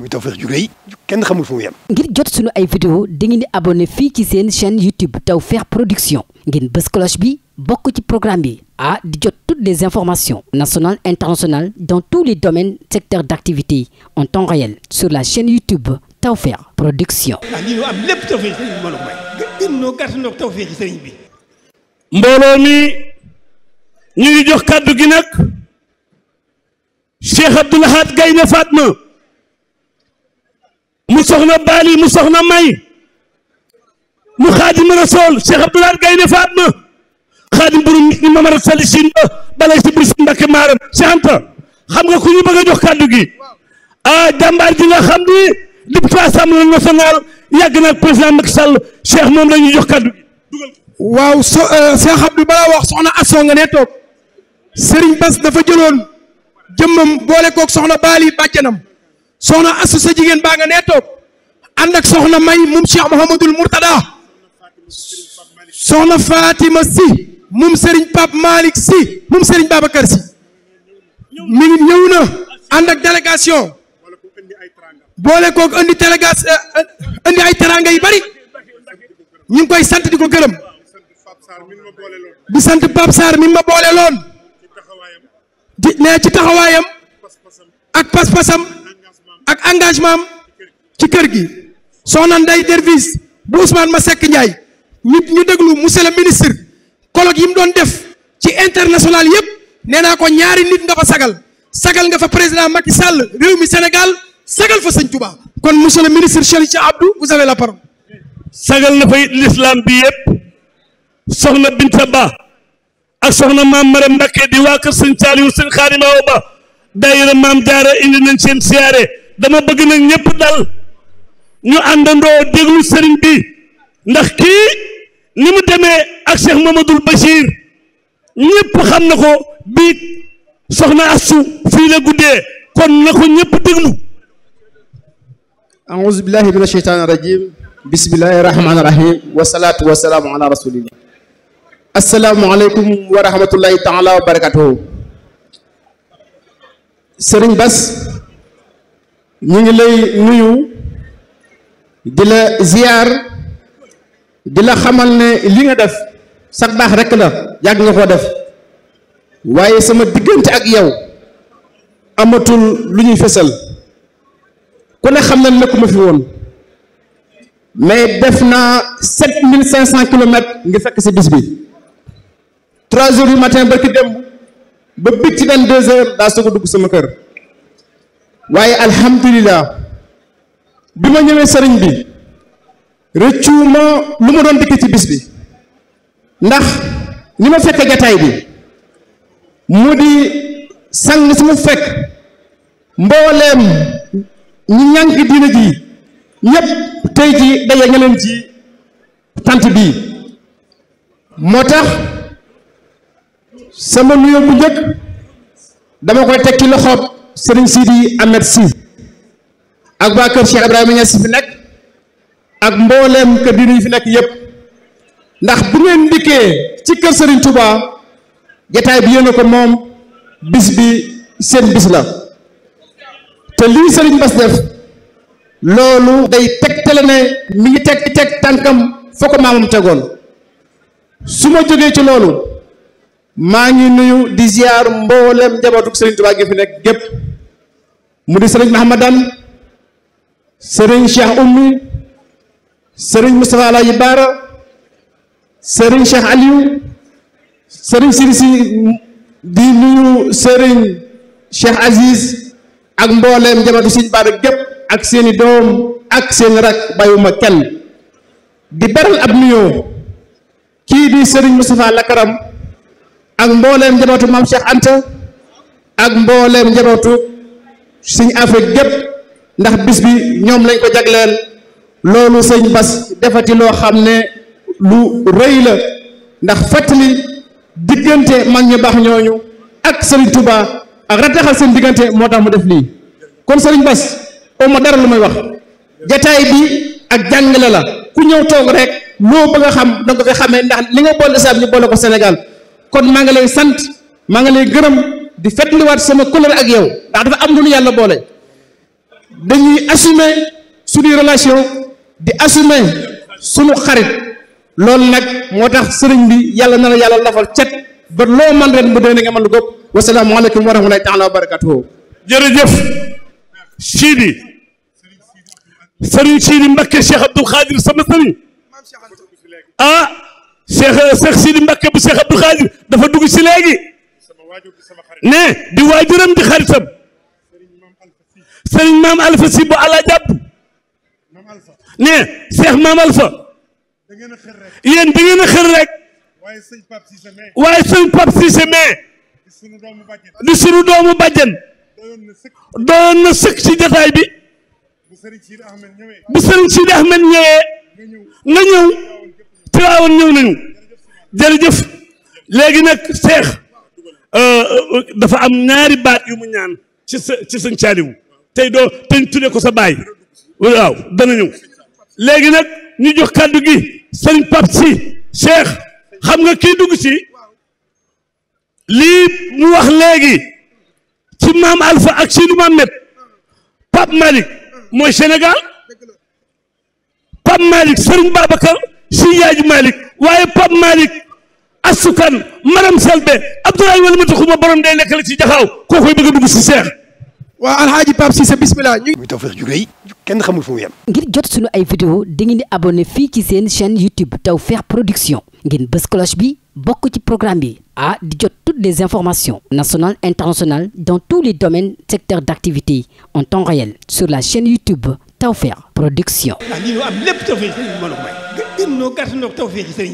muy Tawfekh ju rëy kenn xamul fu mu yem. ngir jot sunu ay vidéo dangeen di abonné fii ci seen chaîne YouTube Tawfekh Production ngeen bës bi bokk ci programme bi ah di jot toutes les informations nationales internationales dans tous les domaines secteurs d'activité en temps réel sur la chaîne YouTube Tawfekh Production. ah lii am lépp Tawfekh sëriñ bi may. bi. mbooloo mi ñu ngi jox kàddu gi nag Cheikh Abdoul Ahad Gaïndé Fatma. mu soxna Baali mu soxna May mu xaadima rasool Cheikh Abdoulaye Gaynde Fatma xaadim borom nit ñi mamara sali sin ba balay si bur si Mbàkke maaram Cheikh Anta xam nga ku ñu bëgg jox kàddu gi ah jàmbaar ji nga xam ni député assemblée nationale yàgg na président Macky Sall Cheikh moom dañu ñuy jox kàddu gi waaw so euh, Cheikh Abdou balaa wax soxna Asso nga toog Serigne Bass dafa jëloon jëmmam boole koog soxna Baali bàjjanam soxna asu sa jigéen baa nga nee toog ànd ak soxna may moom Cheikh Mouhamadul Mourtada soxna Fatima si moom Serigne Pape Malick si moom Serigne Babacar si mi ngi ñëw na ànd ak délégation boole kook andi délégation euh, euh, andi ay teranga yu bari ñu koy sant di ko gërëm di sant Pape Sarr mi ma boole loon di ci taxawaayam ak pas-pasam engagement am ci kër gi soxna Ndeye Dervis bu Ousmane Masseck Ndiaye ñu ñu déglu monsieur le ministre colloque yi mu doon def ci international yëpp nee naa ko ñaari nit nga fa sagal sagal nga fa président Macky sàll réew mi Sénégal sagal fa sëñ Touba kon monsieur le ministre Cheikh Abdou vous avez la parole. sagal na fay l'islam bi yëpp soxna Binta Ba ak soxna maam Maram Mbacké di waa kër sëñ Saliou sëñ Xaadimaw Ba daayira maam Jaara indi nañ seen siyaare. dama bëgg na ñëpp dal ñu àndandoo déglu sëriñ bi ndax kii ni mu demee ak Cheikh Mamadou Bachir ñëpp xam na ko biig soxna assu fii la guddee kon na ko ñëpp déglu aouzu billahi min asheytaani rajim bismillahi rahmaani rahim wasalaatu wasalaamu ala rasulillah asalaamualeykum wa rahmatullahi taala wa barakatuhu sëriñ Bas ñu ngi lay nuyu di la ziyaar di la xamal ne li nga def sax baax rek la yàgg nga koo def waaye sama diggante ak yow amatul lu ñuy fësal ku ne xam na nekkuma fi woon mais def naa sept mille cinq cent kilomètres nga fekk ci bis bi trois heures du matin barki démb ba bicc ci vingt deux heures daa soog a dugg sama kër waaye alhamdulilah bi ma ñëwee sëriñ bi rëccuuma lu ma doon dikk ci bis bi ndax li ma fekk jataay bi mu di sang si mu fekk mbooleem ñi ñànk diina ji ñépp tey ci daje nga ci tant bii moo tax sama nuyoo bu njëkk dama koy teg ci loxoob Serigne Sidi Ahmed Sy ak waa kër Cheikh Ibrahima si fi nekk ak mboolem kër diine yi fi nekk yépp ndax bu ngeen ndikkee ci kër Serigne Touba jataay bi yéen ko moom bis bi seen bis la te lii sëriñ Bass def loolu day tegtale ne mi ngi teg teg tànkam foo ko maamam tegoon su ma jógee ci loolu maa ngi nuyu di ziar mboolem njabootu Serigne Touba gi fi nekk gépp mu di sëriñ mahamadan sëriñ cheikh ummi sëriñ moustapha alaji baara sëriñ cheikh aliou sëriñ sirisi di nuyu sëriñ cheikh aziz ak mbooleem njabootu sëriñ baara gépp ak seeni doom ak seeni rak bàyyuma kenn di beral ab nuyoo kii di sëriñ moustapha lakaram ak mbooleem njabootu maam cheikh anta ak mbooleem njabootu suñ Afrique gépp ndax bis bi ñoom lañ ko jagleel loolu sëñ Bas defati loo xam ne lu rëy la ndax fàttali diggante mag ñu baax ñooñu ak Serigne Touba ak rattaxal seen diggante moo tax ma def lii kon Serigne Bas au ma dara lu may wax jataay bi ak jàngale la ku ñëw toog rek loo bëgg a xam da nga ko fi xamee ndax li nga boole saab ñu boole ko Sénégal kon maa ngi lay sant maa ngi lay gërëm. di fetliwaat sama couleur ak yow ndax dafa am lu nu yàlla boole dañuy assumer suñuy relation di assumer suñu xarit loolu nag moo tax sëriñ bi yàlla na la yàlla lafal cet ba loo man ren bu dee na nga mën lu góob wasalaamaaleykum wa rahmatulahi taala wa barakatuhu jërëjëf Sidi sëriñ Sidi Mbakke Cheikh Abdoul Khadir sama sëriñ ah Cheikh Cheikh Sidi Mbakke bu Cheikh Abdoul Khadir dafa dugg si léegi ne di waajuram di xaritam sëriñ maam Alpha si bu ala jàpp ne seex maam Alpha yéen da ngeen a xër rek waaye sëñ Pape Cissé mais di sunu doomu bàjjen doon na sëkk ci jataay bi bu sëriñ Sidi Ahmed ñëwee nga ñëw Tiwaawan ñëw nañu jërëjëf léegi nag seex Euh, euh, dafa am ñaari baat yu mu ñaan ci sa ci tey doo teñ tudde ko sa baay waaw dana ñëw léegi nag ñu jox kàddu gi sëñ Pap si Cheikh xam nga kii dugg si lii mu wax léegi ci maam Alpha ak Sidou Mamet Pape Malick mooy Sénégal Pape Malick Serigne Babacar si Yaaji Malick waaye Pape Malick asukan maram selbe abdoulaye wala mata xuma borom day nekk la ci jaxaaw kookoy bëgg a dugg si seex waa alhaaji Pape Cissé bismillah ñu muy Tawfekh ju ngir jot suñu ay vidéo di ngeen di abonné fii ci seen chaîne YouTube Tawfekh Production ngeen bës bi bokk ci programme bi ah di jot toutes les informations nationales internationales dans tous les domaines secteurs d'activité en temps réel sur la chaîne YouTube Tawfekh Production. ah lii am